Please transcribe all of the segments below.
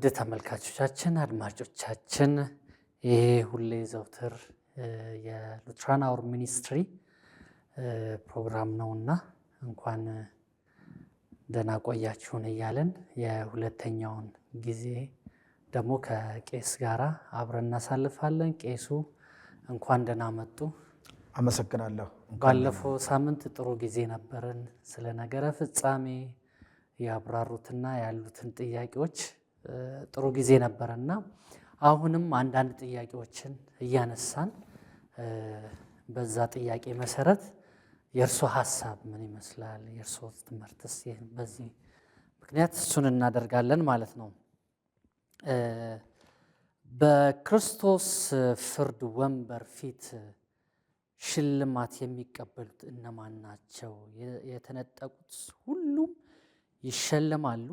ውድ ተመልካቾቻችን አድማጮቻችን፣ ይህ ሁሌ ዘውትር የሉትራን አወር ሚኒስትሪ ፕሮግራም ነው እና እንኳን ደህና ቆያችሁን እያለን የሁለተኛውን ጊዜ ደግሞ ከቄስ ጋራ አብረን እናሳልፋለን። ቄሱ እንኳን ደህና መጡ። አመሰግናለሁ። ባለፈው ሳምንት ጥሩ ጊዜ ነበረን። ስለ ነገረ ፍጻሜ ያብራሩትና ያሉትን ጥያቄዎች ጥሩ ጊዜ ነበረ እና አሁንም አንዳንድ ጥያቄዎችን እያነሳን በዛ ጥያቄ መሰረት የእርሶ ሀሳብ ምን ይመስላል? የእርሶ ትምህርትስ? በዚህ ምክንያት እሱን እናደርጋለን ማለት ነው። በክርስቶስ ፍርድ ወንበር ፊት ሽልማት የሚቀበሉት እነማን ናቸው? የተነጠቁት ሁሉም ይሸለማሉ?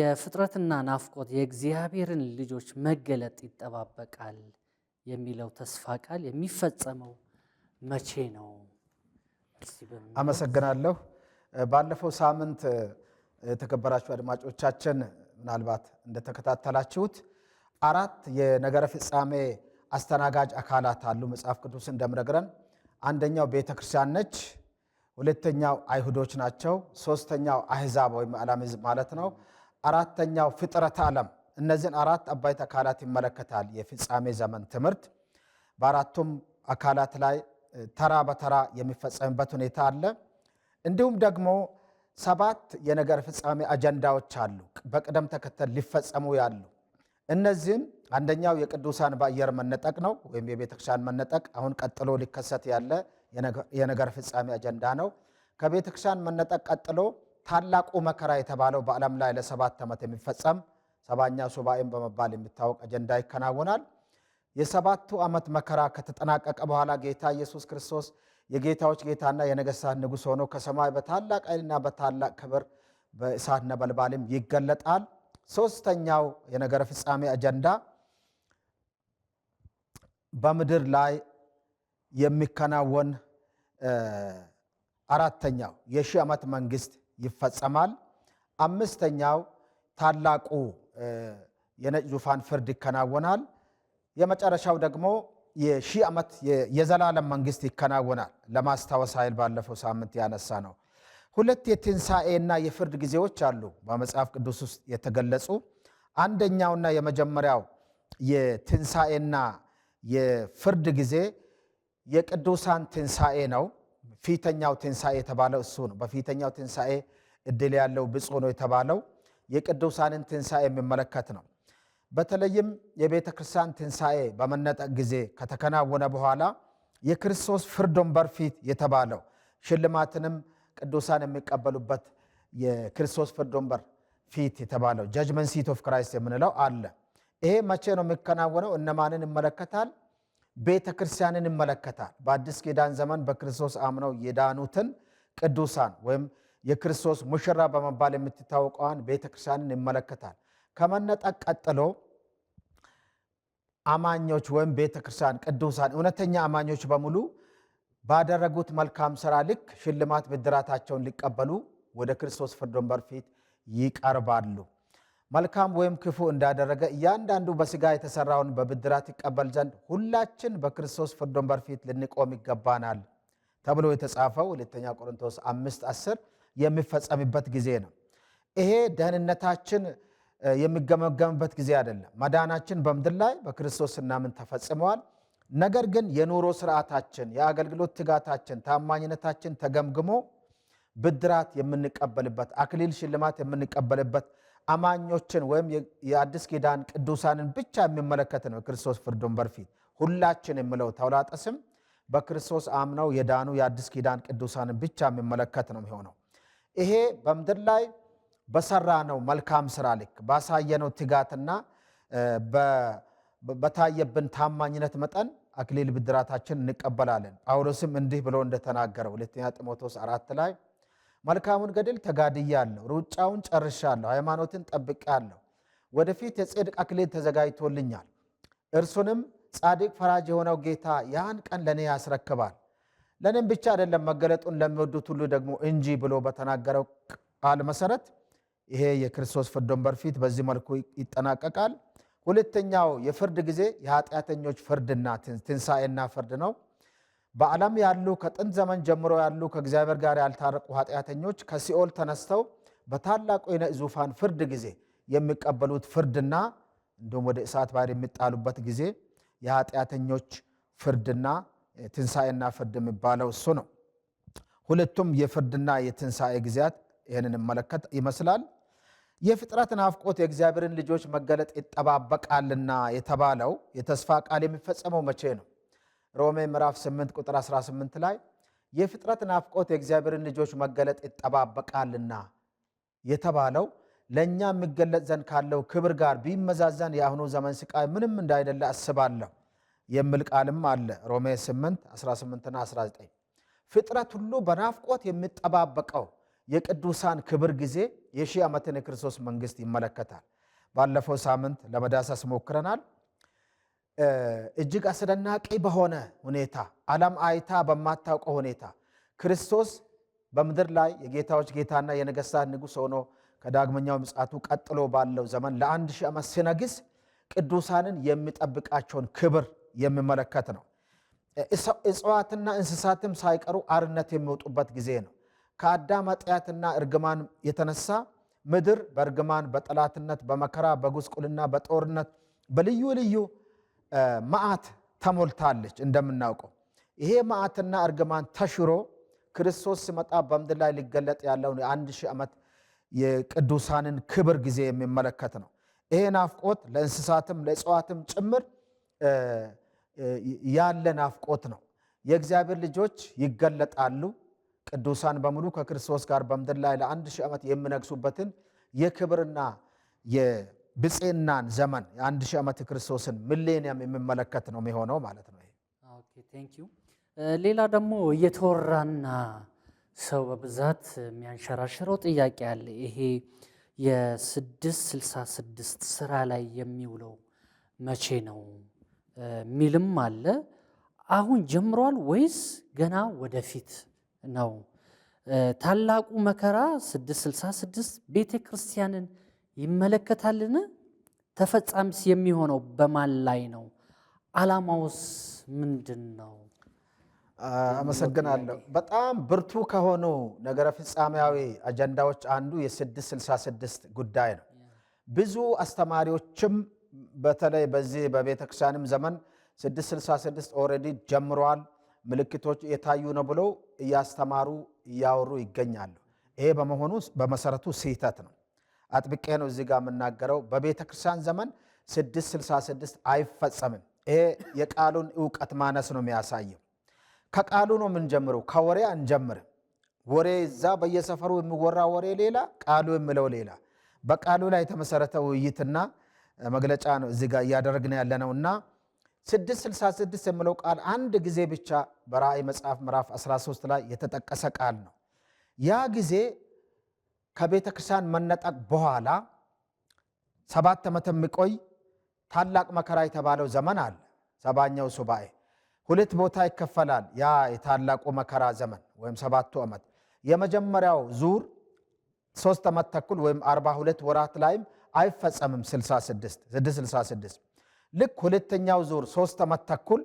የፍጥረትና ናፍቆት የእግዚአብሔርን ልጆች መገለጥ ይጠባበቃል የሚለው ተስፋ ቃል የሚፈጸመው መቼ ነው? አመሰግናለሁ። ባለፈው ሳምንት የተከበራችሁ አድማጮቻችን ምናልባት እንደተከታተላችሁት አራት የነገረ ፍጻሜ አስተናጋጅ አካላት አሉ መጽሐፍ ቅዱስ እንደምነግረን አንደኛው ቤተ ክርስቲያን ነች። ሁለተኛው አይሁዶች ናቸው። ሶስተኛው አህዛብ ወይም አላሚዝ ማለት ነው። አራተኛው ፍጥረት ዓለም። እነዚህን አራት አባይት አካላት ይመለከታል የፍጻሜ ዘመን ትምህርት። በአራቱም አካላት ላይ ተራ በተራ የሚፈጸምበት ሁኔታ አለ። እንዲሁም ደግሞ ሰባት የነገር ፍጻሜ አጀንዳዎች አሉ፣ በቅደም ተከተል ሊፈጸሙ ያሉ። እነዚህም አንደኛው የቅዱሳን በአየር መነጠቅ ነው፣ ወይም የቤተክርስቲያን መነጠቅ አሁን ቀጥሎ ሊከሰት ያለ የነገር ፍጻሜ አጀንዳ ነው። ከቤተ ክርስቲያን መነጠቅ ቀጥሎ ታላቁ መከራ የተባለው በዓለም ላይ ለሰባት ዓመት የሚፈጸም ሰባኛ ሱባኤም በመባል የሚታወቅ አጀንዳ ይከናወናል። የሰባቱ ዓመት መከራ ከተጠናቀቀ በኋላ ጌታ ኢየሱስ ክርስቶስ የጌታዎች ጌታና የነገሥታት ንጉሥ ሆኖ ከሰማይ በታላቅ ኃይልና በታላቅ ክብር በእሳት ነበልባልም ይገለጣል። ሦስተኛው የነገረ ፍጻሜ አጀንዳ በምድር ላይ የሚከናወን አራተኛው የሺህ ዓመት መንግስት ይፈጸማል። አምስተኛው ታላቁ የነጭ ዙፋን ፍርድ ይከናወናል። የመጨረሻው ደግሞ የሺህ ዓመት የዘላለም መንግስት ይከናወናል። ለማስታወስ ኃይል ባለፈው ሳምንት ያነሳ ነው። ሁለት የትንሣኤና የፍርድ ጊዜዎች አሉ በመጽሐፍ ቅዱስ ውስጥ የተገለጹ። አንደኛውና የመጀመሪያው የትንሣኤና የፍርድ ጊዜ የቅዱሳን ትንሣኤ ነው። ፊተኛው ትንሣኤ የተባለው እሱ ነው። በፊተኛው ትንሣኤ እድል ያለው ብፁ ነው የተባለው የቅዱሳንን ትንሣኤ የሚመለከት ነው። በተለይም የቤተ ክርስቲያን ትንሣኤ በመነጠቅ ጊዜ ከተከናወነ በኋላ የክርስቶስ ፍርድ ወንበር ፊት የተባለው ሽልማትንም ቅዱሳን የሚቀበሉበት የክርስቶስ ፍርድ ወንበር ፊት የተባለው ጃጅመንት ሲት ኦፍ ክራይስት የምንለው አለ። ይሄ መቼ ነው የሚከናወነው? እነማንን ይመለከታል? ቤተ ክርስቲያንን ይመለከታል። በአዲስ ኪዳን ዘመን በክርስቶስ አምነው የዳኑትን ቅዱሳን ወይም የክርስቶስ ሙሽራ በመባል የምትታወቀዋን ቤተ ክርስቲያንን ይመለከታል። ከመነጠቅ ቀጥሎ አማኞች ወይም ቤተ ክርስቲያን ቅዱሳን፣ እውነተኛ አማኞች በሙሉ ባደረጉት መልካም ስራ ልክ ሽልማት ብድራታቸውን ሊቀበሉ ወደ ክርስቶስ ፍርድ ወንበር ፊት ይቀርባሉ። መልካም ወይም ክፉ እንዳደረገ እያንዳንዱ በስጋ የተሰራውን በብድራት ይቀበል ዘንድ ሁላችን በክርስቶስ ፍርድ ወንበር ፊት ልንቆም ይገባናል ተብሎ የተጻፈው ሁለተኛ ቆሮንቶስ አምስት አስር የሚፈጸምበት ጊዜ ነው። ይሄ ደህንነታችን የሚገመገምበት ጊዜ አይደለም። መዳናችን በምድር ላይ በክርስቶስ ስናምን ተፈጽመዋል። ነገር ግን የኑሮ ስርዓታችን፣ የአገልግሎት ትጋታችን፣ ታማኝነታችን ተገምግሞ ብድራት የምንቀበልበት አክሊል ሽልማት የምንቀበልበት አማኞችን ወይም የአዲስ ኪዳን ቅዱሳንን ብቻ የሚመለከት ነው። የክርስቶስ ፍርዱን ወንበር ሁላችን የምለው ተውላጠ ስም በክርስቶስ አምነው የዳኑ የአዲስ ኪዳን ቅዱሳንን ብቻ የሚመለከት ነው የሚሆነው። ይሄ በምድር ላይ በሰራ ነው መልካም ስራ ልክ ባሳየነው ትጋትና በታየብን ታማኝነት መጠን አክሊል ብድራታችን እንቀበላለን። ጳውሎስም እንዲህ ብሎ እንደተናገረው ሁለተኛ ጢሞቴዎስ አራት ላይ መልካሙን ገድል ተጋድያለሁ፣ ሩጫውን ጨርሻለሁ፣ ሃይማኖትን ጠብቄአለሁ። ወደፊት የጽድቅ አክሊል ተዘጋጅቶልኛል። እርሱንም ጻድቅ ፈራጅ የሆነው ጌታ ያን ቀን ለእኔ ያስረክባል። ለእኔም ብቻ አይደለም መገለጡን ለሚወዱት ሁሉ ደግሞ እንጂ ብሎ በተናገረው ቃል መሰረት ይሄ የክርስቶስ ፍርድ ወንበር ፊት በዚህ መልኩ ይጠናቀቃል። ሁለተኛው የፍርድ ጊዜ የኃጢአተኞች ፍርድና ትንሣኤና ፍርድ ነው። በዓለም ያሉ ከጥንት ዘመን ጀምሮ ያሉ ከእግዚአብሔር ጋር ያልታረቁ ኃጢአተኞች ከሲኦል ተነስተው በታላቁ ዙፋን ፍርድ ጊዜ የሚቀበሉት ፍርድና እንዲሁም ወደ እሳት ባህር የሚጣሉበት ጊዜ የኃጢአተኞች ፍርድና ትንሣኤና ፍርድ የሚባለው እሱ ነው። ሁለቱም የፍርድና የትንሣኤ ጊዜያት ይህንን መለከት ይመስላል። የፍጥረት ናፍቆት የእግዚአብሔርን ልጆች መገለጥ ይጠባበቃልና የተባለው የተስፋ ቃል የሚፈጸመው መቼ ነው? ሮሜ ምዕራፍ 8 ቁጥር 18 ላይ የፍጥረት ናፍቆት የእግዚአብሔርን ልጆች መገለጥ ይጠባበቃልና የተባለው ለእኛ የሚገለጥ ዘንድ ካለው ክብር ጋር ቢመዛዘን የአሁኑ ዘመን ስቃይ ምንም እንዳይደለ አስባለሁ የሚል ቃልም አለ። ሮሜ 8 18ና 19 ፍጥረት ሁሉ በናፍቆት የሚጠባበቀው የቅዱሳን ክብር ጊዜ የሺህ ዓመትን የክርስቶስ መንግስት ይመለከታል። ባለፈው ሳምንት ለመዳሰስ ሞክረናል። እጅግ አስደናቂ በሆነ ሁኔታ ዓለም አይታ በማታውቀው ሁኔታ ክርስቶስ በምድር ላይ የጌታዎች ጌታና የነገሥታት ንጉሥ ሆኖ ከዳግመኛው ምጽአቱ ቀጥሎ ባለው ዘመን ለአንድ ሺህ ዓመት ሲነግስ ቅዱሳንን የሚጠብቃቸውን ክብር የሚመለከት ነው። እጽዋትና እንስሳትም ሳይቀሩ አርነት የሚወጡበት ጊዜ ነው። ከአዳም ኃጢአትና እርግማን የተነሳ ምድር በእርግማን፣ በጠላትነት፣ በመከራ፣ በጉስቁልና፣ በጦርነት፣ በልዩ ልዩ መዓት ተሞልታለች። እንደምናውቀው ይሄ መዓትና እርግማን ተሽሮ ክርስቶስ ሲመጣ በምድር ላይ ሊገለጥ ያለውን የአንድ ሺህ ዓመት የቅዱሳንን ክብር ጊዜ የሚመለከት ነው። ይሄ ናፍቆት ለእንስሳትም ለእጽዋትም ጭምር ያለ ናፍቆት ነው። የእግዚአብሔር ልጆች ይገለጣሉ። ቅዱሳን በሙሉ ከክርስቶስ ጋር በምድር ላይ ለአንድ ሺህ ዓመት የሚነግሱበትን የክብርና ብፅዕናን ዘመን የአንድ ሺህ ዓመት ክርስቶስን ሚሌኒየም የሚመለከት ነው የሚሆነው ማለት ነው። ሌላ ደግሞ እየተወራና ሰው በብዛት የሚያንሸራሽረው ጥያቄ አለ። ይሄ የስድስት ስልሳ ስድስት ስራ ላይ የሚውለው መቼ ነው ሚልም አለ። አሁን ጀምሯል ወይስ ገና ወደፊት ነው? ታላቁ መከራ ስድስት ስልሳ ስድስት ቤተ ክርስቲያንን ይመለከታልን? ተፈጻሚስ የሚሆነው በማን ላይ ነው? አላማውስ ምንድን ነው? አመሰግናለሁ። በጣም ብርቱ ከሆኑ ነገረ ፍጻሜያዊ አጀንዳዎች አንዱ የ666 ጉዳይ ነው። ብዙ አስተማሪዎችም በተለይ በዚህ በቤተክርስቲያንም ዘመን 666 ኦልሬዲ ጀምረዋል፣ ምልክቶች የታዩ ነው ብለው እያስተማሩ እያወሩ ይገኛሉ። ይሄ በመሆኑ በመሰረቱ ስህተት ነው። አጥብቄ ነው እዚህ ጋር የምናገረው። በቤተ ክርስቲያን ዘመን 666 አይፈጸምም። ይሄ የቃሉን እውቀት ማነስ ነው የሚያሳየው። ከቃሉ ነው የምንጀምረው፣ ከወሬ አንጀምርም። ወሬ እዛ በየሰፈሩ የሚወራ ወሬ ሌላ፣ ቃሉ የምለው ሌላ። በቃሉ ላይ የተመሰረተ ውይይትና መግለጫ ነው እዚህ ጋር እያደረግን ያለ ነው እና 666 የምለው ቃል አንድ ጊዜ ብቻ በራእይ መጽሐፍ ምዕራፍ 13 ላይ የተጠቀሰ ቃል ነው። ያ ጊዜ ከቤተ ክርስቲያን መነጠቅ በኋላ ሰባት ዓመት የሚቆይ ታላቅ መከራ የተባለው ዘመን አለ። ሰባኛው ሱባኤ ሁለት ቦታ ይከፈላል። ያ የታላቁ መከራ ዘመን ወይም ሰባቱ ዓመት የመጀመሪያው ዙር ሶስት ዓመት ተኩል ወይም 42 ወራት ላይም አይፈጸምም 66 ልክ ሁለተኛው ዙር ሶስት ዓመት ተኩል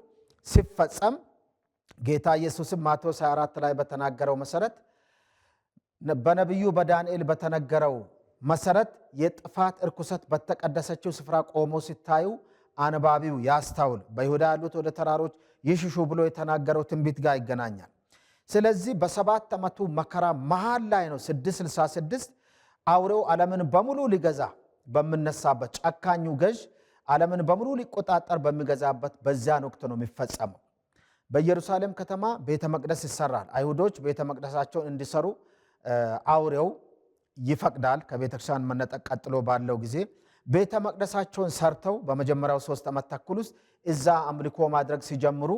ሲፈጸም ጌታ ኢየሱስም ማቴዎስ 24 ላይ በተናገረው መሰረት በነቢዩ በዳንኤል በተነገረው መሰረት የጥፋት እርኩሰት በተቀደሰችው ስፍራ ቆሞ ሲታዩ አንባቢው ያስታውል፣ በይሁዳ ያሉት ወደ ተራሮች ይሽሹ ብሎ የተናገረው ትንቢት ጋር ይገናኛል። ስለዚህ በሰባት ዓመቱ መከራ መሃል ላይ ነው 666 አውሬው ዓለምን በሙሉ ሊገዛ በምነሳበት ጨካኙ ገዥ ዓለምን በሙሉ ሊቆጣጠር በሚገዛበት በዚያን ወቅት ነው የሚፈጸመው። በኢየሩሳሌም ከተማ ቤተ መቅደስ ይሰራል። አይሁዶች ቤተ መቅደሳቸውን እንዲሰሩ አውሬው ይፈቅዳል። ከቤተክርስቲያን መነጠቅ ቀጥሎ ባለው ጊዜ ቤተ መቅደሳቸውን ሰርተው በመጀመሪያው ሶስት ዓመት ተኩል ውስጥ እዛ አምልኮ ማድረግ ሲጀምሩ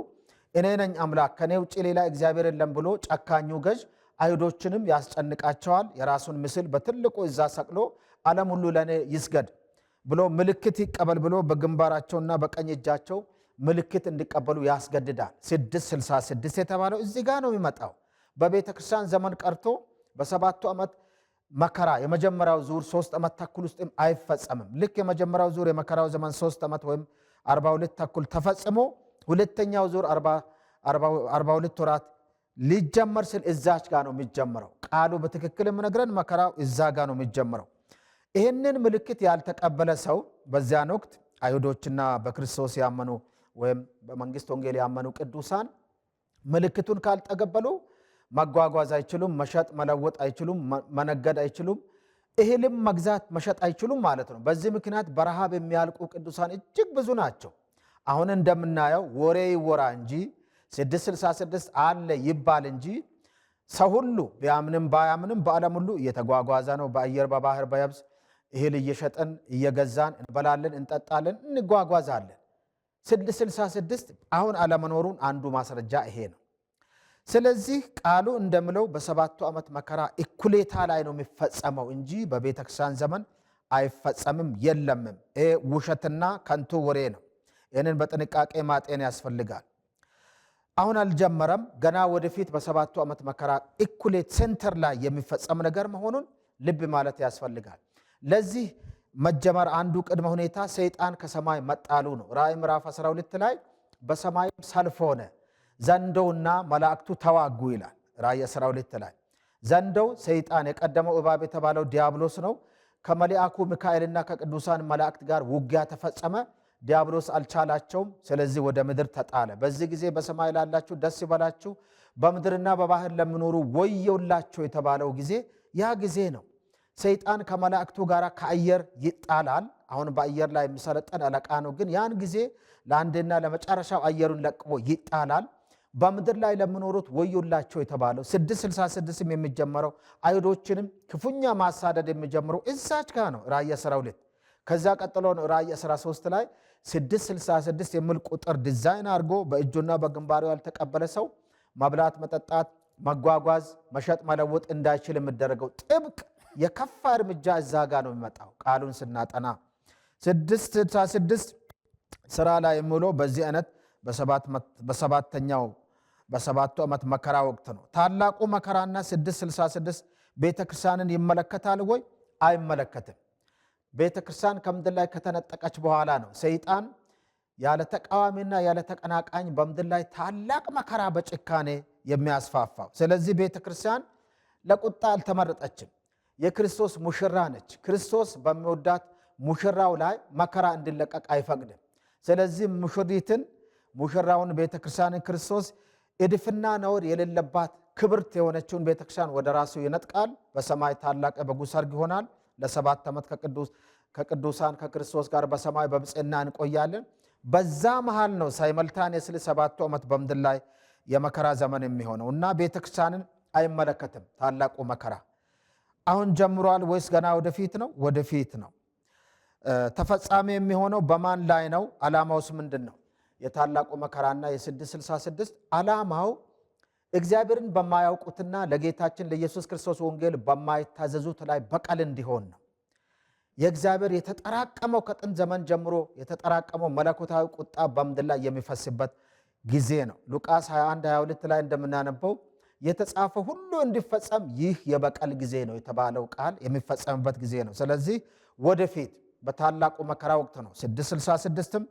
እኔ ነኝ አምላክ ከኔ ውጭ ሌላ እግዚአብሔር የለም ብሎ ጨካኙ ገዥ አይሁዶችንም ያስጨንቃቸዋል። የራሱን ምስል በትልቁ እዛ ሰቅሎ ዓለም ሁሉ ለእኔ ይስገድ ብሎ ምልክት ይቀበል ብሎ በግንባራቸውና በቀኝ እጃቸው ምልክት እንዲቀበሉ ያስገድዳል። 666 የተባለው እዚህ ጋር ነው የሚመጣው። በቤተክርስቲያን ዘመን ቀርቶ በሰባቱ ዓመት መከራ የመጀመሪያው ዙር ሶስት ዓመት ተኩል ውስጥም አይፈጸምም። ልክ የመጀመሪያው ዙር የመከራው ዘመን ሶስት ዓመት ወይም 42 ተኩል ተፈጽሞ ሁለተኛው ዙር 42 ወራት ሊጀመር ስል እዛች ጋ ነው የሚጀምረው። ቃሉ በትክክል የምነግረን መከራው እዛ ጋ ነው የሚጀምረው። ይህንን ምልክት ያልተቀበለ ሰው በዚያን ወቅት አይሁዶችና በክርስቶስ ያመኑ ወይም በመንግስት ወንጌል ያመኑ ቅዱሳን ምልክቱን ካልተቀበሉ መጓጓዝ አይችሉም፣ መሸጥ መለወጥ አይችሉም፣ መነገድ አይችሉም፣ እህልም መግዛት መሸጥ አይችሉም ማለት ነው። በዚህ ምክንያት በረሃብ የሚያልቁ ቅዱሳን እጅግ ብዙ ናቸው። አሁን እንደምናየው ወሬ ይወራ እንጂ 666 አለ ይባል እንጂ ሰው ሁሉ ቢያምንም ባያምንም በዓለም ሁሉ እየተጓጓዘ ነው። በአየር በባህር በየብስ እህል እየሸጠን እየገዛን እንበላለን፣ እንጠጣለን፣ እንጓጓዛለን። 666 አሁን አለመኖሩን አንዱ ማስረጃ ይሄ ነው። ስለዚህ ቃሉ እንደምለው በሰባቱ ዓመት መከራ እኩሌታ ላይ ነው የሚፈጸመው እንጂ በቤተክርስቲያን ዘመን አይፈጸምም የለምም። ይሄ ውሸትና ከንቱ ወሬ ነው። ይህንን በጥንቃቄ ማጤን ያስፈልጋል። አሁን አልጀመረም፣ ገና ወደፊት በሰባቱ ዓመት መከራ እኩሌት ሴንተር ላይ የሚፈጸም ነገር መሆኑን ልብ ማለት ያስፈልጋል። ለዚህ መጀመር አንዱ ቅድመ ሁኔታ ሰይጣን ከሰማይ መጣሉ ነው። ራእይ ምዕራፍ 12 ላይ በሰማይም ሰልፍ ሆነ ዘንዶውና መላእክቱ ተዋጉ ይላል ራእይ 12 ላይ። ዘንዶው ሰይጣን የቀደመው እባብ የተባለው ዲያብሎስ ነው። ከመልአኩ ሚካኤልና ከቅዱሳን መላእክት ጋር ውጊያ ተፈጸመ። ዲያብሎስ አልቻላቸውም። ስለዚህ ወደ ምድር ተጣለ። በዚህ ጊዜ በሰማይ ላላችሁ ደስ ይበላችሁ፣ በምድርና በባህር ለሚኖሩ ወየውላቸው የተባለው ጊዜ ያ ጊዜ ነው። ሰይጣን ከመላእክቱ ጋር ከአየር ይጣላል። አሁን በአየር ላይ የሚሰለጠን አለቃ ነው። ግን ያን ጊዜ ለአንዴና ለመጨረሻው አየሩን ለቅቦ ይጣላል። በምድር ላይ ለምኖሩት ወዮላቸው የተባለው 666ም የሚጀመረው አይሁዶችንም ክፉኛ ማሳደድ የሚጀምረው እዛች ጋ ነው። ራእይ 12 ከዛ ቀጥሎ ነው ራእይ 13 ላይ 666 የሚል ቁጥር ዲዛይን አድርጎ በእጁና በግንባሩ ያልተቀበለ ሰው መብላት፣ መጠጣት፣ መጓጓዝ፣ መሸጥ፣ መለወጥ እንዳይችል የሚደረገው ጥብቅ የከፋ እርምጃ እዛ ጋ ነው የሚመጣው። ቃሉን ስናጠና 666 ስራ ላይ የሚውለው በዚህ አይነት በሰባተኛው በሰባቱ ዓመት መከራ ወቅት ነው። ታላቁ መከራና 666 ቤተ ክርስቲያንን ይመለከታል ወይ? አይመለከትም። ቤተ ክርስቲያን ከምድር ላይ ከተነጠቀች በኋላ ነው ሰይጣን ያለ ተቃዋሚና ያለ ተቀናቃኝ በምድር ላይ ታላቅ መከራ በጭካኔ የሚያስፋፋው። ስለዚህ ቤተ ክርስቲያን ለቁጣ አልተመረጠችም። የክርስቶስ ሙሽራ ነች። ክርስቶስ በሚወዳት ሙሽራው ላይ መከራ እንዲለቀቅ አይፈቅድም። ስለዚህ ሙሽሪትን ሙሽራውን ቤተ ክርስቲያንን ክርስቶስ እድፍና ነውር የሌለባት ክብርት የሆነችውን ቤተክርስቲያን ወደ ራሱ ይነጥቃል። በሰማይ ታላቅ የበጉ ሰርግ ይሆናል። ለሰባት ዓመት ከቅዱሳን ከክርስቶስ ጋር በሰማይ በብፅና እንቆያለን። በዛ መሃል ነው ሳይመልታኔስ ሰባቱ ዓመት በምድር ላይ የመከራ ዘመን የሚሆነው እና ቤተክርስቲያንን አይመለከትም። ታላቁ መከራ አሁን ጀምሯል ወይስ ገና ወደፊት ነው? ወደፊት ነው። ተፈጻሚ የሚሆነው በማን ላይ ነው? ዓላማውስ ምንድን ነው? የታላቁ መከራና የ666 ዓላማው እግዚአብሔርን በማያውቁትና ለጌታችን ለኢየሱስ ክርስቶስ ወንጌል በማይታዘዙት ላይ በቀል እንዲሆን ነው። የእግዚአብሔር የተጠራቀመው ከጥንት ዘመን ጀምሮ የተጠራቀመው መለኮታዊ ቁጣ በምድር ላይ የሚፈስበት ጊዜ ነው። ሉቃስ 21 22 ላይ እንደምናነበው የተጻፈ ሁሉ እንዲፈጸም ይህ የበቀል ጊዜ ነው የተባለው ቃል የሚፈጸምበት ጊዜ ነው። ስለዚህ ወደፊት በታላቁ መከራ ወቅት ነው 666ም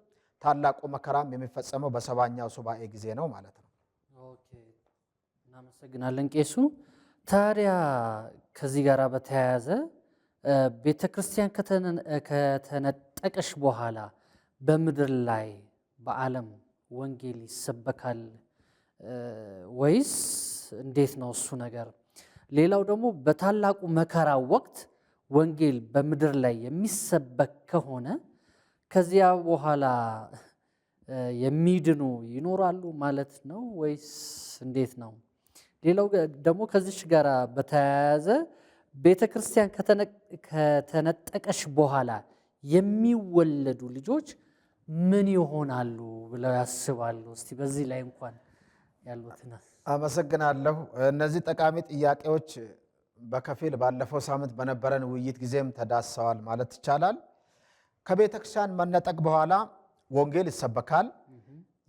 ታላቁ መከራም የሚፈጸመው በሰባኛው ሱባኤ ጊዜ ነው ማለት ነው። እናመሰግናለን ቄሱ። ታዲያ ከዚህ ጋር በተያያዘ ቤተ ክርስቲያን ከተነጠቀሽ በኋላ በምድር ላይ በዓለም ወንጌል ይሰበካል ወይስ እንዴት ነው እሱ ነገር? ሌላው ደግሞ በታላቁ መከራ ወቅት ወንጌል በምድር ላይ የሚሰበክ ከሆነ ከዚያ በኋላ የሚድኑ ይኖራሉ ማለት ነው ወይስ እንዴት ነው? ሌላው ደግሞ ከዚች ጋር በተያያዘ ቤተ ክርስቲያን ከተነጠቀሽ በኋላ የሚወለዱ ልጆች ምን ይሆናሉ ብለው ያስባሉ? እስቲ በዚህ ላይ እንኳን ያሉትን። አመሰግናለሁ። እነዚህ ጠቃሚ ጥያቄዎች በከፊል ባለፈው ሳምንት በነበረን ውይይት ጊዜም ተዳሰዋል ማለት ይቻላል። ከቤተ ክርስቲያን መነጠቅ በኋላ ወንጌል ይሰበካል።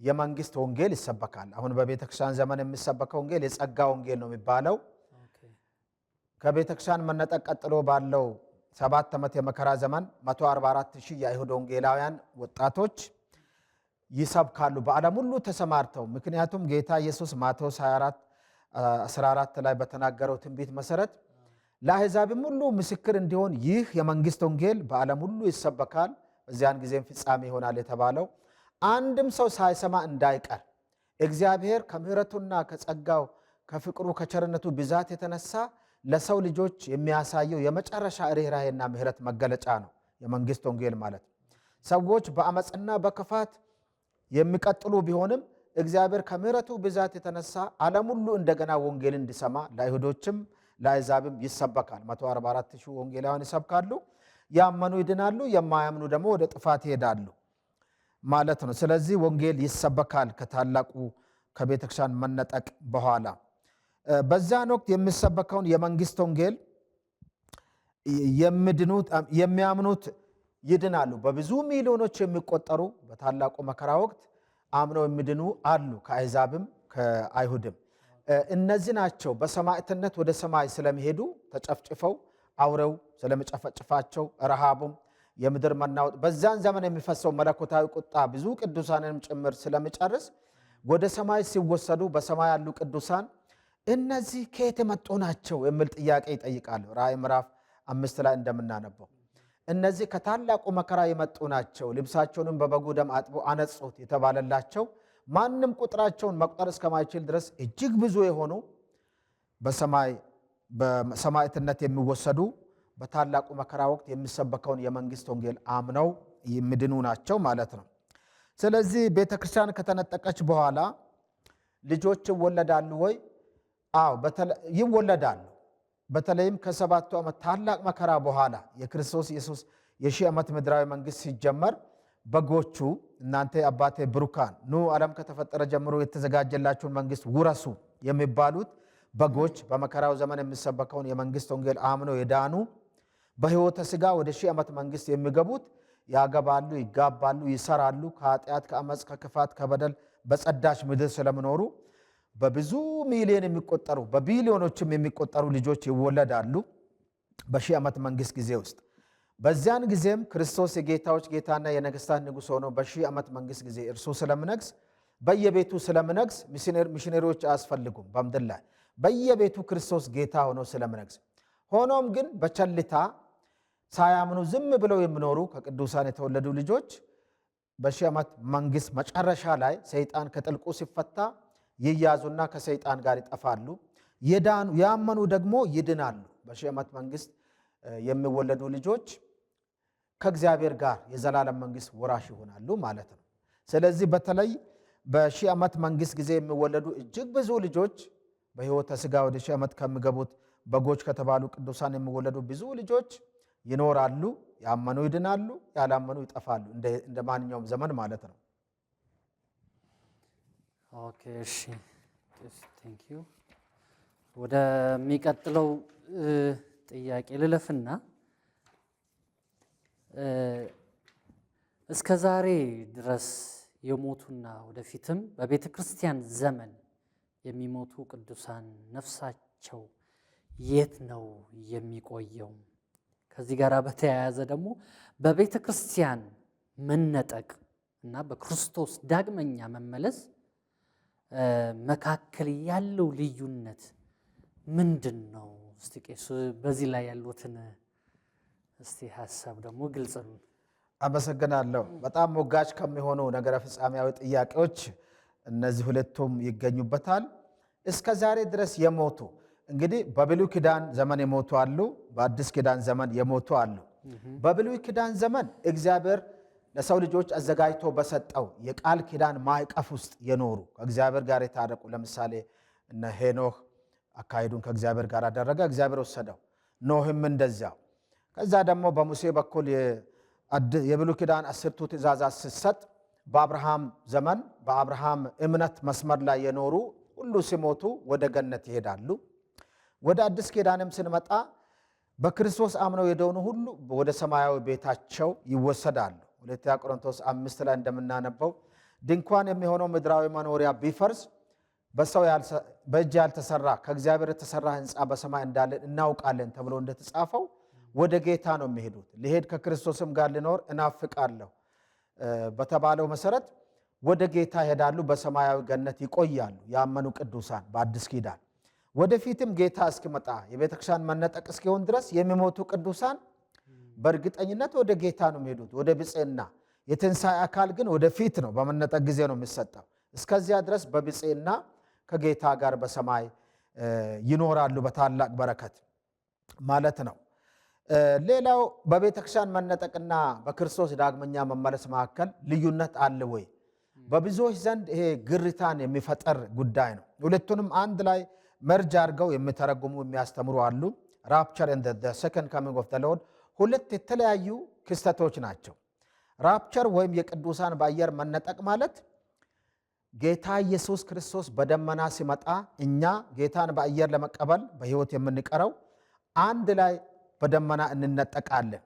የመንግስት ወንጌል ይሰበካል። አሁን በቤተ ክርስቲያን ዘመን የሚሰበከው ወንጌል የጸጋ ወንጌል ነው የሚባለው። ከቤተ ክርስቲያን መነጠቅ ቀጥሎ ባለው ሰባት ዓመት የመከራ ዘመን 144 ሺህ የአይሁድ ወንጌላውያን ወጣቶች ይሰብካሉ በዓለም ሁሉ ተሰማርተው። ምክንያቱም ጌታ ኢየሱስ ማቴዎስ 24 14 ላይ በተናገረው ትንቢት መሰረት ለአሕዛብም ሁሉ ምስክር እንዲሆን ይህ የመንግስት ወንጌል በዓለም ሁሉ ይሰበካል፣ በዚያን ጊዜም ፍጻሜ ይሆናል የተባለው አንድም ሰው ሳይሰማ እንዳይቀር እግዚአብሔር ከምሕረቱና ከጸጋው ከፍቅሩ ከቸርነቱ ብዛት የተነሳ ለሰው ልጆች የሚያሳየው የመጨረሻ ርኅራሄና ምሕረት መገለጫ ነው የመንግስት ወንጌል ማለት። ሰዎች በአመፅና በክፋት የሚቀጥሉ ቢሆንም እግዚአብሔር ከምሕረቱ ብዛት የተነሳ ዓለም ሁሉ እንደገና ወንጌል እንዲሰማ ለአይሁዶችም ለአሕዛብም ይሰበካል። 144 ሺህ ወንጌላውያን ይሰብካሉ። ያመኑ ይድናሉ፣ የማያምኑ ደግሞ ወደ ጥፋት ይሄዳሉ ማለት ነው። ስለዚህ ወንጌል ይሰበካል ከታላቁ ከቤተክርስቲያን መነጠቅ በኋላ በዚያን ወቅት የሚሰበከውን የመንግስት ወንጌል የሚያምኑት ይድናሉ። በብዙ ሚሊዮኖች የሚቆጠሩ በታላቁ መከራ ወቅት አምነው የሚድኑ አሉ፣ ከአሕዛብም ከአይሁድም እነዚህ ናቸው በሰማዕትነት ወደ ሰማይ ስለመሄዱ ተጨፍጭፈው አውሬው ስለመጨፈጭፋቸው ረሃቡም የምድር መናወጥ በዛን ዘመን የሚፈሰው መለኮታዊ ቁጣ ብዙ ቅዱሳንንም ጭምር ስለሚጨርስ ወደ ሰማይ ሲወሰዱ በሰማይ ያሉ ቅዱሳን እነዚህ ከየት የመጡ ናቸው የሚል ጥያቄ ይጠይቃሉ። ራእይ ምዕራፍ አምስት ላይ እንደምናነበው እነዚህ ከታላቁ መከራ የመጡ ናቸው፣ ልብሳቸውንም በበጉ ደም አጥቦ አነጹት የተባለላቸው ማንም ቁጥራቸውን መቁጠር እስከማይችል ድረስ እጅግ ብዙ የሆኑ በሰማዕትነት የሚወሰዱ በታላቁ መከራ ወቅት የሚሰበከውን የመንግስት ወንጌል አምነው የሚድኑ ናቸው ማለት ነው። ስለዚህ ቤተ ክርስቲያን ከተነጠቀች በኋላ ልጆች ይወለዳሉ ወይ? አዎ ይወለዳሉ። በተለይም ከሰባቱ ዓመት ታላቅ መከራ በኋላ የክርስቶስ ኢየሱስ የሺህ ዓመት ምድራዊ መንግስት ሲጀመር በጎቹ እናንተ አባቴ ብሩካን ኑ ዓለም ከተፈጠረ ጀምሮ የተዘጋጀላችሁን መንግስት ውረሱ የሚባሉት በጎች በመከራው ዘመን የሚሰበከውን የመንግስት ወንጌል አምነው የዳኑ በህይወተ ስጋ ወደ ሺህ ዓመት መንግስት የሚገቡት ያገባሉ፣ ይጋባሉ፣ ይሰራሉ ከኃጢአት፣ ከአመፅ፣ ከክፋት፣ ከበደል በጸዳች ምድር ስለሚኖሩ በብዙ ሚሊዮን የሚቆጠሩ በቢሊዮኖችም የሚቆጠሩ ልጆች ይወለዳሉ በሺህ ዓመት መንግስት ጊዜ ውስጥ በዚያን ጊዜም ክርስቶስ የጌታዎች ጌታና የነገስታት ንጉሥ ሆኖ በሺህ ዓመት መንግሥት ጊዜ እርሱ ስለምነግስ በየቤቱ ስለምነግስ ሚሽነሪዎች አያስፈልጉም። በምድር ላይ በየቤቱ ክርስቶስ ጌታ ሆኖ ስለምነግስ፣ ሆኖም ግን በቸልታ ሳያምኑ ዝም ብለው የሚኖሩ ከቅዱሳን የተወለዱ ልጆች በሺህ ዓመት መንግሥት መጨረሻ ላይ ሰይጣን ከጥልቁ ሲፈታ ይያዙና ከሰይጣን ጋር ይጠፋሉ። የዳኑ ያመኑ ደግሞ ይድናሉ በሺህ ዓመት መንግሥት የሚወለዱ ልጆች ከእግዚአብሔር ጋር የዘላለም መንግስት ወራሽ ይሆናሉ ማለት ነው። ስለዚህ በተለይ በሺህ ዓመት መንግስት ጊዜ የሚወለዱ እጅግ ብዙ ልጆች በሕይወተ ሥጋ ወደ ሺህ ዓመት ከሚገቡት በጎች ከተባሉ ቅዱሳን የሚወለዱ ብዙ ልጆች ይኖራሉ። ያመኑ ይድናሉ፣ ያላመኑ ይጠፋሉ። እንደ ማንኛውም ዘመን ማለት ነው። ወደሚቀጥለው ጥያቄ ልለፍና እስከ ዛሬ ድረስ የሞቱና ወደፊትም በቤተ ክርስቲያን ዘመን የሚሞቱ ቅዱሳን ነፍሳቸው የት ነው የሚቆየው? ከዚህ ጋር በተያያዘ ደግሞ በቤተ ክርስቲያን መነጠቅ እና በክርስቶስ ዳግመኛ መመለስ መካከል ያለው ልዩነት ምንድን ነው? እስቲ ቄስ በዚህ ላይ ያሉትን እስቲ ሀሳብ ደግሞ ግልጽ ነው። አመሰግናለሁ። በጣም ሞጋች ከሚሆኑ ነገረ ፍጻሜያዊ ጥያቄዎች እነዚህ ሁለቱም ይገኙበታል። እስከ ዛሬ ድረስ የሞቱ እንግዲህ በብሉይ ኪዳን ዘመን የሞቱ አሉ፣ በአዲስ ኪዳን ዘመን የሞቱ አሉ። በብሉይ ኪዳን ዘመን እግዚአብሔር ለሰው ልጆች አዘጋጅቶ በሰጠው የቃል ኪዳን ማዕቀፍ ውስጥ የኖሩ ከእግዚአብሔር ጋር የታረቁ ለምሳሌ እነ ሄኖህ አካሄዱን ከእግዚአብሔር ጋር አደረገ። እግዚአብሔር ወሰደው። ኖህም እንደዚያው። ከዛ ደግሞ በሙሴ በኩል የብሉይ ኪዳን አስርቱ ትእዛዛት ስሰጥ በአብርሃም ዘመን በአብርሃም እምነት መስመር ላይ የኖሩ ሁሉ ሲሞቱ ወደ ገነት ይሄዳሉ። ወደ አዲስ ኪዳንም ስንመጣ በክርስቶስ አምነው የደሆኑ ሁሉ ወደ ሰማያዊ ቤታቸው ይወሰዳሉ። ሁለተኛ ቆሮንቶስ አምስት ላይ እንደምናነበው ድንኳን የሚሆነው ምድራዊ መኖሪያ ቢፈርስ በሰው በእጅ ያልተሰራ ከእግዚአብሔር የተሰራ ህንፃ በሰማይ እንዳለን እናውቃለን ተብሎ እንደተጻፈው ወደ ጌታ ነው የሚሄዱት። ልሄድ ከክርስቶስም ጋር ልኖር እናፍቃለሁ በተባለው መሰረት ወደ ጌታ ይሄዳሉ፣ በሰማያዊ ገነት ይቆያሉ። ያመኑ ቅዱሳን በአዲስ ኪዳን ወደፊትም ጌታ እስኪመጣ የቤተክርስቲያን መነጠቅ እስኪሆን ድረስ የሚሞቱ ቅዱሳን በእርግጠኝነት ወደ ጌታ ነው የሚሄዱት፣ ወደ ብፅዕና። የትንሣኤ አካል ግን ወደፊት ነው፣ በመነጠቅ ጊዜ ነው የሚሰጠው። እስከዚያ ድረስ በብፅዕና ከጌታ ጋር በሰማይ ይኖራሉ በታላቅ በረከት ማለት ነው። ሌላው በቤተክርስቲያን መነጠቅና በክርስቶስ ዳግመኛ መመለስ መካከል ልዩነት አለ ወይ? በብዙዎች ዘንድ ይሄ ግርታን የሚፈጠር ጉዳይ ነው። ሁለቱንም አንድ ላይ መርጅ አድርገው የሚተረጉሙ የሚያስተምሩ አሉ። ራፕቸር ኤንድ ዘ ሰከንድ ካሚንግ ኦፍ ዘ ሎርድ ሁለት የተለያዩ ክስተቶች ናቸው። ራፕቸር ወይም የቅዱሳን በአየር መነጠቅ ማለት ጌታ ኢየሱስ ክርስቶስ በደመና ሲመጣ እኛ ጌታን በአየር ለመቀበል በሕይወት የምንቀረው አንድ ላይ በደመና እንነጠቃለን።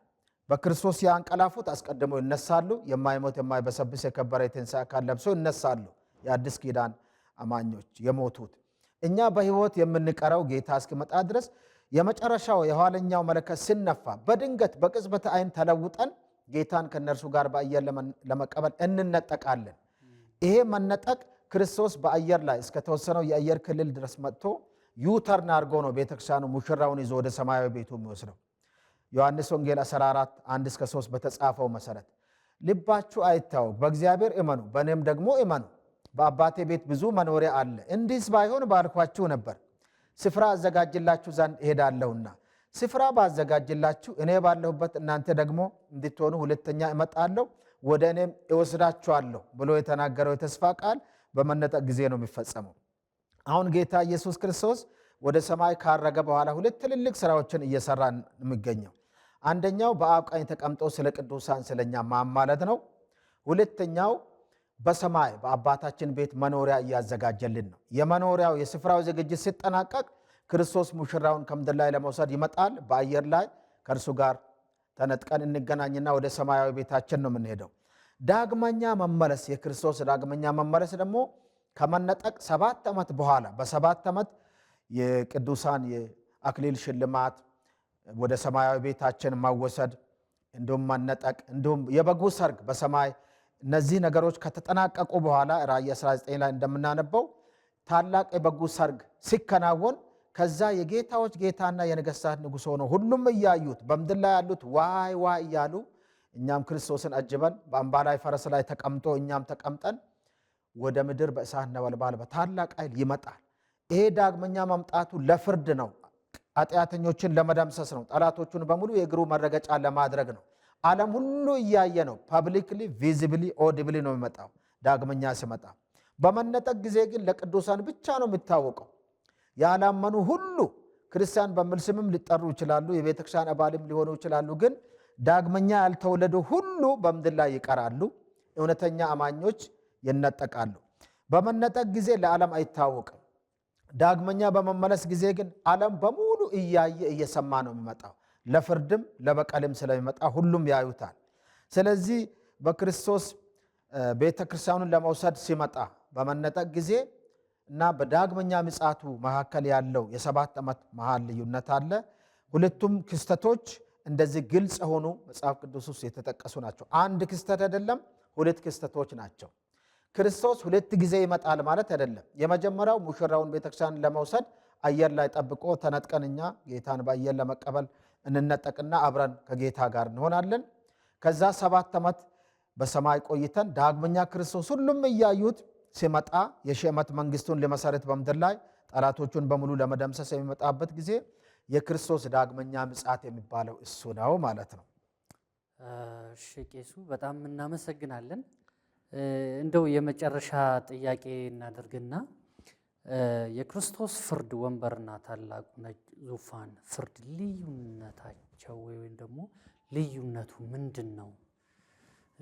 በክርስቶስ ያንቀላፉት አስቀድሞ ይነሳሉ። የማይሞት የማይበሰብስ የከበረ የትንሣኤ አካል ለብሶ ይነሳሉ። የአዲስ ኪዳን አማኞች የሞቱት። እኛ በሕይወት የምንቀረው ጌታ እስኪመጣ ድረስ የመጨረሻው የኋለኛው መለከት ሲነፋ በድንገት በቅጽበተ አይን ተለውጠን ጌታን ከእነርሱ ጋር በአየር ለመቀበል እንነጠቃለን። ይሄ መነጠቅ ክርስቶስ በአየር ላይ እስከ ተወሰነው የአየር ክልል ድረስ መጥቶ ዩተርን አድርጎ ነው ቤተክርስቲያኑ ሙሽራውን ይዞ ወደ ሰማያዊ ቤቱ የሚወስደው። ዮሐንስ ወንጌል 14 1 እስከ 3 በተጻፈው መሰረት ልባችሁ አይታው በእግዚአብሔር እመኑ፣ በእኔም ደግሞ እመኑ። በአባቴ ቤት ብዙ መኖሪያ አለ፤ እንዲህስ ባይሆን ባልኳችሁ ነበር። ስፍራ አዘጋጅላችሁ ዘንድ እሄዳለሁና ስፍራ ባዘጋጅላችሁ እኔ ባለሁበት እናንተ ደግሞ እንድትሆኑ ሁለተኛ እመጣለሁ ወደ እኔም እወስዳችኋለሁ ብሎ የተናገረው የተስፋ ቃል በመነጠቅ ጊዜ ነው የሚፈጸመው። አሁን ጌታ ኢየሱስ ክርስቶስ ወደ ሰማይ ካረገ በኋላ ሁለት ትልልቅ ስራዎችን እየሰራ የሚገኘው አንደኛው በአብ ቀኝ ተቀምጦ ስለ ቅዱሳን ስለኛ ማማለት ነው። ሁለተኛው በሰማይ በአባታችን ቤት መኖሪያ እያዘጋጀልን ነው። የመኖሪያው የስፍራው ዝግጅት ሲጠናቀቅ ክርስቶስ ሙሽራውን ከምድር ላይ ለመውሰድ ይመጣል። በአየር ላይ ከእርሱ ጋር ተነጥቀን እንገናኝና ወደ ሰማያዊ ቤታችን ነው የምንሄደው። ዳግመኛ መመለስ የክርስቶስ ዳግመኛ መመለስ ደግሞ ከመነጠቅ ሰባት ዓመት በኋላ በሰባት ዓመት የቅዱሳን የአክሊል ሽልማት ወደ ሰማያዊ ቤታችን መወሰድ እንዲሁም መነጠቅ እንዲሁም የበጉ ሰርግ በሰማይ እነዚህ ነገሮች ከተጠናቀቁ በኋላ ራእይ 19 ላይ እንደምናነበው ታላቅ የበጉ ሰርግ ሲከናወን ከዛ የጌታዎች ጌታና የነገስታት ንጉሥ ሆኖ ሁሉም እያዩት በምድር ላይ ያሉት ዋይ ዋይ እያሉ እኛም ክርስቶስን አጅበን በአምባ ላይ ፈረስ ላይ ተቀምጦ እኛም ተቀምጠን ወደ ምድር በእሳት ነበልባል በታላቅ ኃይል ይመጣል። ይሄ ዳግመኛ መምጣቱ ለፍርድ ነው። ኃጢአተኞችን ለመደምሰስ ነው። ጠላቶቹን በሙሉ የእግሩ መረገጫ ለማድረግ ነው። ዓለም ሁሉ እያየ ነው። ፐብሊክሊ፣ ቪዚብሊ፣ ኦዲብሊ ነው የሚመጣው ዳግመኛ ሲመጣ። በመነጠቅ ጊዜ ግን ለቅዱሳን ብቻ ነው የሚታወቀው። ያላመኑ ሁሉ ክርስቲያን በሚል ስምም ሊጠሩ ይችላሉ፣ የቤተ ክርስቲያን አባልም ሊሆኑ ይችላሉ። ግን ዳግመኛ ያልተወለዱ ሁሉ በምድር ላይ ይቀራሉ። እውነተኛ አማኞች ይነጠቃሉ። በመነጠቅ ጊዜ ለዓለም አይታወቅም። ዳግመኛ በመመለስ ጊዜ ግን ዓለም በሙሉ እያየ እየሰማ ነው የሚመጣው። ለፍርድም ለበቀልም ስለሚመጣ ሁሉም ያዩታል። ስለዚህ በክርስቶስ ቤተ ክርስቲያኑን ለመውሰድ ሲመጣ በመነጠቅ ጊዜ እና በዳግመኛ ምጻቱ መካከል ያለው የሰባት ዓመት መሃል ልዩነት አለ። ሁለቱም ክስተቶች እንደዚህ ግልጽ የሆኑ መጽሐፍ ቅዱስ ውስጥ የተጠቀሱ ናቸው። አንድ ክስተት አይደለም፣ ሁለት ክስተቶች ናቸው። ክርስቶስ ሁለት ጊዜ ይመጣል ማለት አይደለም። የመጀመሪያው ሙሽራውን ቤተክርስቲያን ለመውሰድ አየር ላይ ጠብቆ ተነጥቀን እኛ ጌታን በአየር ለመቀበል እንነጠቅና አብረን ከጌታ ጋር እንሆናለን። ከዛ ሰባት ዓመት በሰማይ ቆይተን ዳግመኛ ክርስቶስ ሁሉም እያዩት ሲመጣ የሽመት መንግስቱን ለመሰረት በምድር ላይ ጠላቶቹን በሙሉ ለመደምሰስ የሚመጣበት ጊዜ የክርስቶስ ዳግመኛ ምጻት የሚባለው እሱ ነው ማለት ነው። እሺ ቄሱ በጣም እናመሰግናለን። እንደው የመጨረሻ ጥያቄ እናደርግና የክርስቶስ ፍርድ ወንበርና ታላቁ ነጭ ዙፋን ፍርድ ልዩነታቸው ወይም ደግሞ ልዩነቱ ምንድን ነው?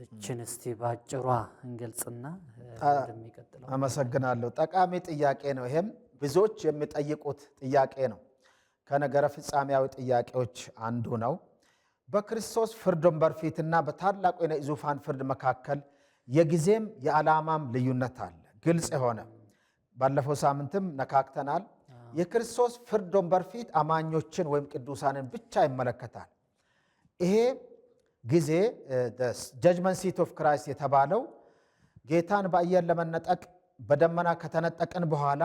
እችን እስቲ በአጭሯ እንገልጽና እንደሚቀጥለው። አመሰግናለሁ። ጠቃሚ ጥያቄ ነው። ይሄም ብዙዎች የሚጠይቁት ጥያቄ ነው። ከነገረ ፍጻሜያዊ ጥያቄዎች አንዱ ነው። በክርስቶስ ፍርድ ወንበር ፊትና በታላቁ ዙፋን ፍርድ መካከል የጊዜም የዓላማም ልዩነት አለ። ግልጽ የሆነ ባለፈው ሳምንትም ነካክተናል። የክርስቶስ ፍርድ ወንበር ፊት አማኞችን ወይም ቅዱሳንን ብቻ ይመለከታል። ይሄ ጊዜ ጃጅመንት ሲት ኦፍ ክራይስት የተባለው ጌታን በአየር ለመነጠቅ በደመና ከተነጠቅን በኋላ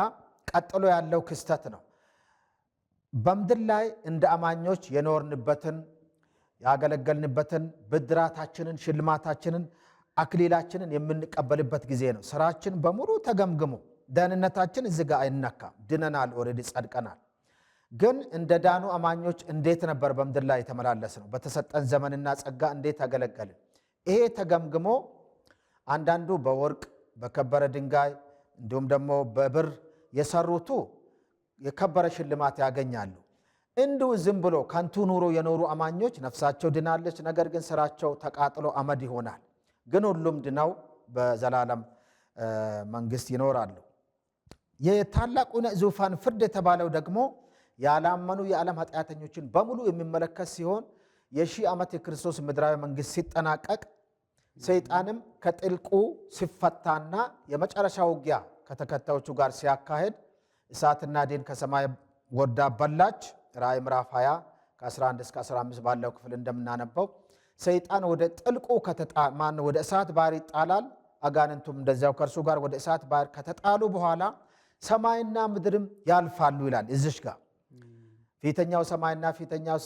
ቀጥሎ ያለው ክስተት ነው። በምድር ላይ እንደ አማኞች የኖርንበትን ያገለገልንበትን ብድራታችንን፣ ሽልማታችንን፣ አክሊላችንን የምንቀበልበት ጊዜ ነው። ስራችን በሙሉ ተገምግሞ ደህንነታችን እዚጋ ጋር አይነካም። ድነናል፣ ኦልሬዲ ጸድቀናል። ግን እንደ ዳኑ አማኞች እንዴት ነበር በምድር ላይ የተመላለስ ነው? በተሰጠን ዘመንና ጸጋ እንዴት አገለገልን? ይሄ ተገምግሞ አንዳንዱ በወርቅ በከበረ ድንጋይ እንዲሁም ደግሞ በብር የሰሩቱ የከበረ ሽልማት ያገኛሉ። እንዲሁ ዝም ብሎ ከንቱ ኑሮ የኖሩ አማኞች ነፍሳቸው ድናለች፣ ነገር ግን ስራቸው ተቃጥሎ አመድ ይሆናል። ግን ሁሉም ድነው በዘላለም መንግስት ይኖራሉ። የታላቁ ዙፋን ፍርድ የተባለው ደግሞ ያላመኑ የዓለም ኃጢአተኞችን በሙሉ የሚመለከት ሲሆን የሺህ ዓመት የክርስቶስ ምድራዊ መንግስት ሲጠናቀቅ ሰይጣንም ከጥልቁ ሲፈታና የመጨረሻ ውጊያ ከተከታዮቹ ጋር ሲያካሄድ እሳትና ዴን ከሰማይ ወርዳ በላች። ራእይ ምዕራፍ 20 ከ11 እስከ 15 ባለው ክፍል እንደምናነበው ሰይጣን ወደ ጥልቁ ማን ወደ እሳት ባህር ይጣላል። አጋንንቱም እንደዚያው ከእርሱ ጋር ወደ እሳት ባህር ከተጣሉ በኋላ ሰማይና ምድርም ያልፋሉ ይላል እዚሽ ጋር ፊተኛው ሰማይና ፊተኛው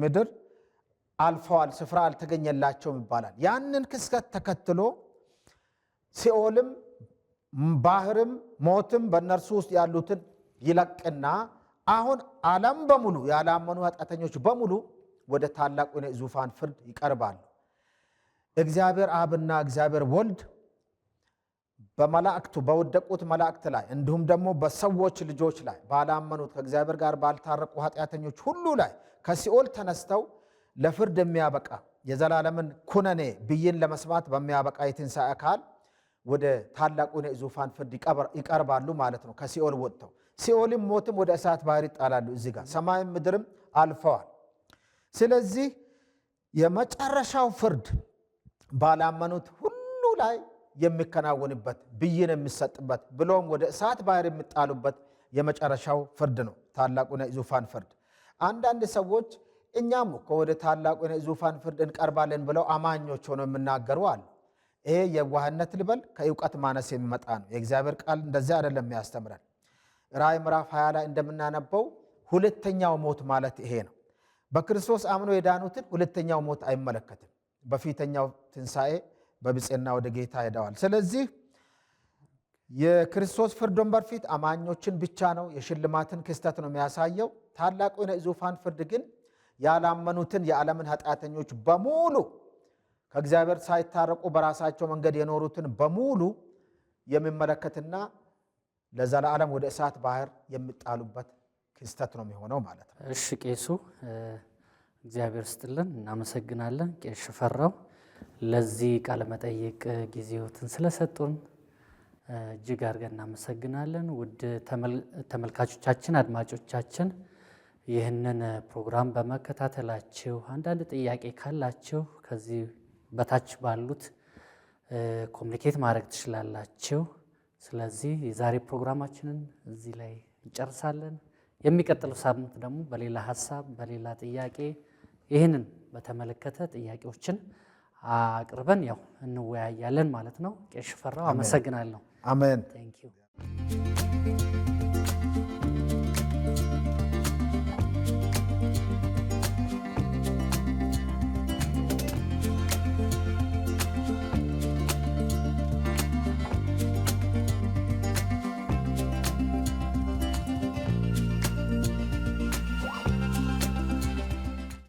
ምድር አልፈዋል፣ ስፍራ አልተገኘላቸውም ይባላል። ያንን ክስተት ተከትሎ ሲኦልም ባህርም ሞትም በእነርሱ ውስጥ ያሉትን ይለቅና አሁን ዓለም በሙሉ ያላመኑ ኃጢአተኞች በሙሉ ወደ ታላቁ ዙፋን ፍርድ ይቀርባሉ። እግዚአብሔር አብና እግዚአብሔር ወልድ በመላእክቱ በወደቁት መላእክት ላይ እንዲሁም ደግሞ በሰዎች ልጆች ላይ ባላመኑት ከእግዚአብሔር ጋር ባልታረቁ ኃጢአተኞች ሁሉ ላይ ከሲኦል ተነስተው ለፍርድ የሚያበቃ የዘላለምን ኩነኔ ብይን ለመስማት በሚያበቃ የትንሣኤ አካል ወደ ታላቁ ዙፋን ፍርድ ይቀርባሉ ማለት ነው። ከሲኦል ወጥተው ሲኦልም ሞትም ወደ እሳት ባህር ይጣላሉ። እዚ ጋር ሰማይም ምድርም አልፈዋል። ስለዚህ የመጨረሻው ፍርድ ባላመኑት ሁሉ ላይ የሚከናወንበት ብይን የሚሰጥበት ብሎም ወደ እሳት ባህር የሚጣሉበት የመጨረሻው ፍርድ ነው፣ ታላቁ ነጭ ዙፋን ፍርድ። አንዳንድ ሰዎች እኛም እኮ ወደ ታላቁ ነጭ ዙፋን ፍርድ እንቀርባለን ብለው አማኞች ሆነው የሚናገሩ አሉ። ይሄ የዋህነት ልበል ከእውቀት ማነስ የሚመጣ ነው። የእግዚአብሔር ቃል እንደዚህ አይደለም ያስተምረን። ራእይ ምዕራፍ 20 ላይ እንደምናነበው ሁለተኛው ሞት ማለት ይሄ ነው። በክርስቶስ አምኖ የዳኑትን ሁለተኛው ሞት አይመለከትም። በፊተኛው ትንሣኤ በብፅና ወደ ጌታ ሄደዋል። ስለዚህ የክርስቶስ ፍርድ ወንበር ፊት አማኞችን ብቻ ነው፣ የሽልማትን ክስተት ነው የሚያሳየው። ታላቁ የዙፋን ፍርድ ግን ያላመኑትን የዓለምን ኃጢአተኞች በሙሉ ከእግዚአብሔር ሳይታረቁ በራሳቸው መንገድ የኖሩትን በሙሉ የሚመለከትና ለዘላለም ወደ እሳት ባህር የሚጣሉበት ክስተት ነው የሚሆነው ማለት ነው። እሺ ቄሱ እግዚአብሔር ስጥልን፣ እናመሰግናለን ቄስ ሽፈራው። ለዚህ ቃለ መጠይቅ ጊዜዎትን ስለሰጡን እጅግ አድርገን እናመሰግናለን። ውድ ተመልካቾቻችን፣ አድማጮቻችን ይህንን ፕሮግራም በመከታተላችሁ አንዳንድ ጥያቄ ካላችሁ ከዚህ በታች ባሉት ኮሚኒኬት ማድረግ ትችላላችሁ። ስለዚህ የዛሬ ፕሮግራማችንን እዚህ ላይ እንጨርሳለን። የሚቀጥለው ሳምንት ደግሞ በሌላ ሀሳብ፣ በሌላ ጥያቄ ይህንን በተመለከተ ጥያቄዎችን አቅርበን ያው እንወያያለን ማለት ነው። ቄስ ሽፈራው አመሰግናለሁ። አሜን።